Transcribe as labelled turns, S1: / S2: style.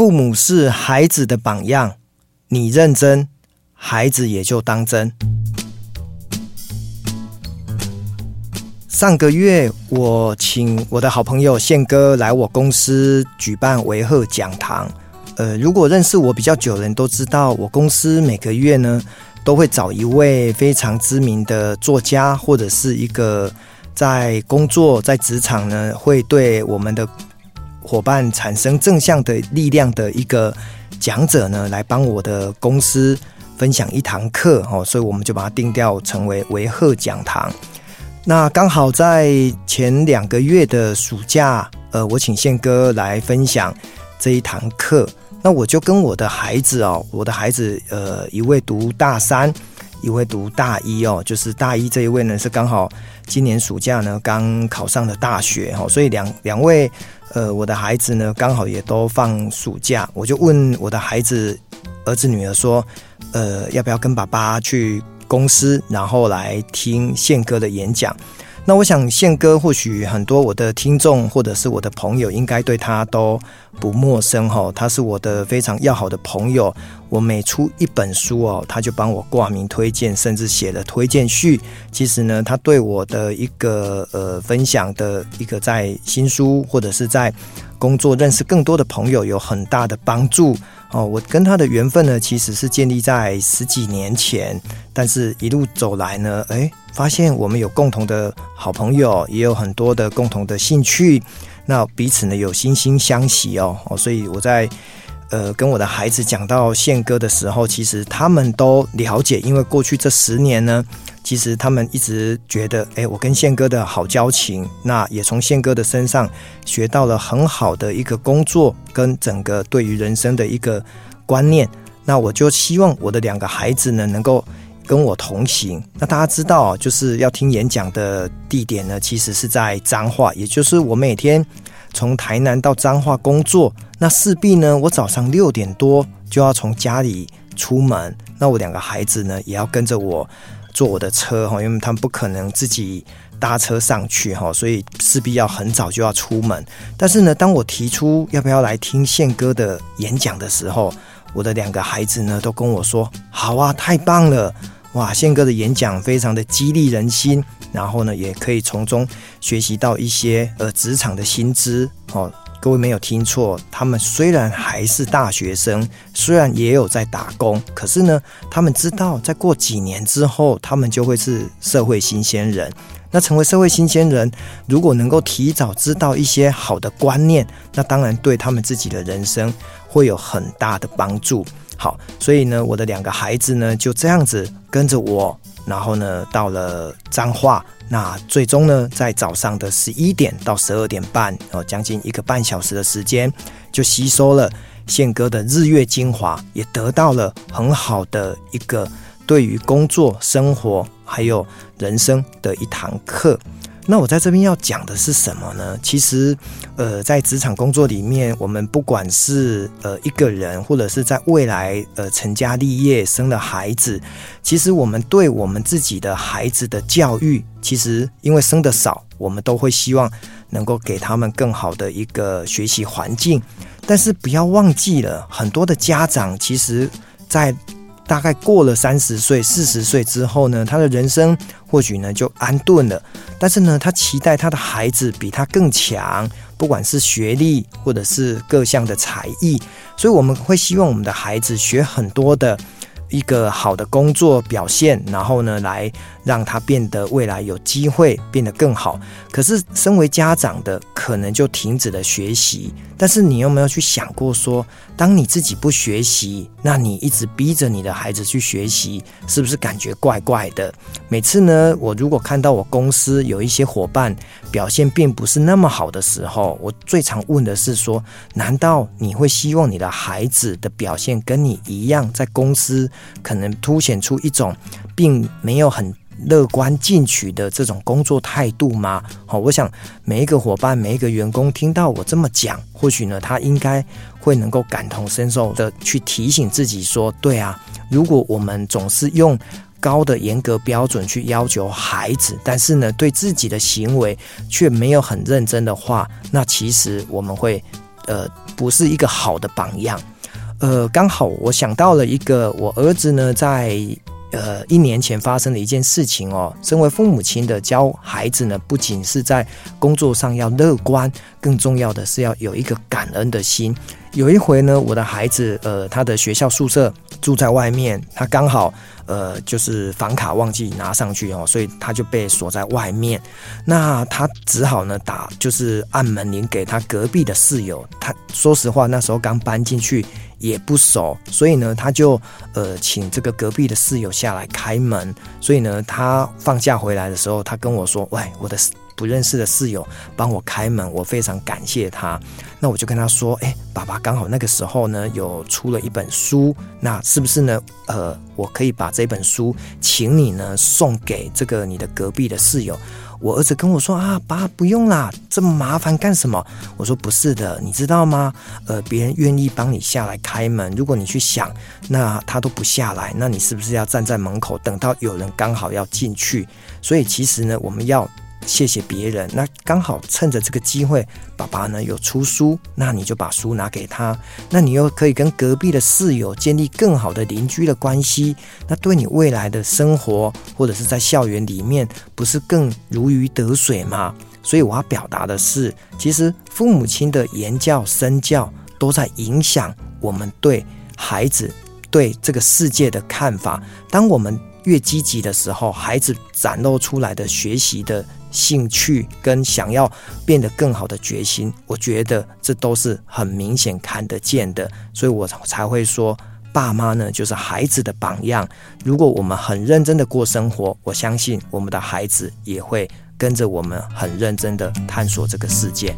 S1: 父母是孩子的榜樣，你認真，孩子也就當真。上個月，我請我的好朋友憲哥來我公司舉辦維和講堂。呃，如果認識我比較久的人都知道，我公司每個月呢，都會找一位非常知名的作家，或者是一個在工作，在職場呢，會對我們的。夥伴產生正向的力量的一個講者呢，來幫我的公司分享一堂課哦，所以我們就把它定調成為維赫講堂。那剛好在前兩個月的暑假，呃，我請憲哥來分享這一堂課，那我就跟我的孩子哦，我的孩子呃，一位讀大三。一位讀大一哦，就是大一這一位呢，是剛好今年暑假呢，剛考上了大學哈、哦，所以兩兩位呃，我的孩子呢剛好也都放暑假，我就問我的孩子兒子、女兒說，呃要不要跟爸爸去公司，然後來聽憲哥的演講。那我想憲哥，或許很多我的聽眾或者是我的朋友，應該對他都不陌生哈，哦。他是我的非常要好的朋友，我每出一本書哦，他就幫我掛名推薦，甚至寫了推薦序。其實呢，他對我的一個呃分享的一個在新書或者是在工作認識更多的朋友，有很大的幫助。哦，我跟他的緣分呢，其實是建立在十幾年前，但是一路走來呢，哎、欸，發現我們有共同的好朋友，也有很多的共同的興趣，那彼此呢有惺惺相惜哦，哦，所以我在呃跟我的孩子講到憲哥的時候，其實他們都了解，因為過去這十年呢。其實他們一直覺得，誒，我跟憲哥的好交情，那也從憲哥的身上學到了很好的一個工作跟整個對於人生的一個觀念。那我就希望我的兩個孩子呢，能夠跟我同行。那大家知道，就是要聽演講的地點呢，其實是在彰化，也就是我每天從台南到彰化工作，那勢必呢，我早上六點多就要從家裡出門，那我兩個孩子呢，也要跟着我。坐我的車哈，因為他們不可能自己搭車上去哈，所以勢必要很早就要出門。但是呢，當我提出要不要來聽憲哥的演講的時候，我的兩個孩子呢都跟我說：“好啊，太棒了！哇，憲哥的演講非常的激勵人心，然後呢，也可以從中學習到一些呃職場的新知哦。”各位沒有聽錯，他們雖然還是大學生，雖然也有在打工，可是呢，他們知道再過幾年之後，他們就會是社會新鮮人。那成為社會新鮮人，如果能夠提早知道一些好的觀念，那當然對他們自己的人生會有很大的幫助。好，所以呢，我的兩個孩子呢，就這樣子跟着我。然後呢，到了彰化，那最終呢，在早上的十一點到十二點半，哦，將近一個半小時的時間，就吸收了憲哥的日月精華，也得到了很好的一個對於工作、生活還有人生的一堂課。那我在這邊要講的是什麼呢？其實，呃，在職場工作裡面，我們不管是呃一個人，或者是在未來呃成家立業、生了孩子，其實我們對我們自己的孩子的教育，其實因為生得少，我們都會希望能夠給他們更好的一個學習環境。但是不要忘記了，很多的家長其實，在。大概過了三十歲、四十歲之後呢，他的人生或許呢就安頓了。但是呢，他期待他的孩子比他更強，不管是學歷或者是各項的才藝。所以我們會希望我們的孩子學很多的。一個好的工作表現，然後呢，來讓他變得未來有機會變得更好。可是，身為家長的可能就停止了學習。但是，你有沒有去想過說，當你自己不學習，那你一直逼着你的孩子去學習，是不是感覺怪怪的？每次呢，我如果看到我公司有一些夥伴表現並不是那麼好的時候，我最常問的是說：難道你會希望你的孩子的表現跟你一樣在公司？可能凸顯出一種並沒有很樂觀進取的這種工作態度嗎？好，我想每一個夥伴、每一個員工聽到我這麼講，或許呢，他應該會能夠感同身受的去提醒自己說：對啊，如果我們總是用高的嚴格標準去要求孩子，但是呢，對自己的行為卻沒有很認真的話，那其實我們會，呃，不是一個好的榜樣。呃，剛好我想到了一個，我兒子呢，在呃一年前發生的一件事情哦。身為父母親的教孩子呢，不僅是在工作上要樂觀，更重要的是要有一個感恩的心。有一回呢，我的孩子，呃，他的學校宿舍住在外面，他剛好，呃，就是房卡忘記拿上去哦，所以他就被鎖在外面。那他只好呢打，就是按門鈴給他隔壁的室友。他說實話，那時候剛搬進去也不熟，所以呢，他就呃請這個隔壁的室友下來開門。所以呢，他放假回來的時候，他跟我說：“喂，我的不認識的室友幫我開門，我非常感謝他。”那我就跟他說：“哎。”爸爸剛好那個時候呢，有出了一本書，那是不是呢？呃，我可以把這本書，請你呢送給這個你的隔壁的室友。我兒子跟我說啊，爸不用啦，這麼麻煩幹什麼？我說不是的，你知道嗎？呃，別人願意幫你下來開門，如果你去想，那他都不下來，那你是不是要站在門口等到有人剛好要進去？所以其實呢，我們要。謝謝別人，那剛好趁着這個機會，爸爸呢有出書，那你就把書拿給他，那你又可以跟隔壁的室友建立更好的鄰居的關係，那對你未來的生活或者是在校園裡面，不是更如魚得水嗎？所以我要表達的是，其實父母親的言教身教都在影響我們對孩子對這個世界的看法。當我們越積極的時候，孩子展露出來的學習的興趣跟想要變得更好的決心，我覺得這都是很明顯看得見的。所以我才會說，爸媽呢，就是孩子的榜樣。如果我們很認真的過生活，我相信我們的孩子也會跟着我們很認真的探索這個世界。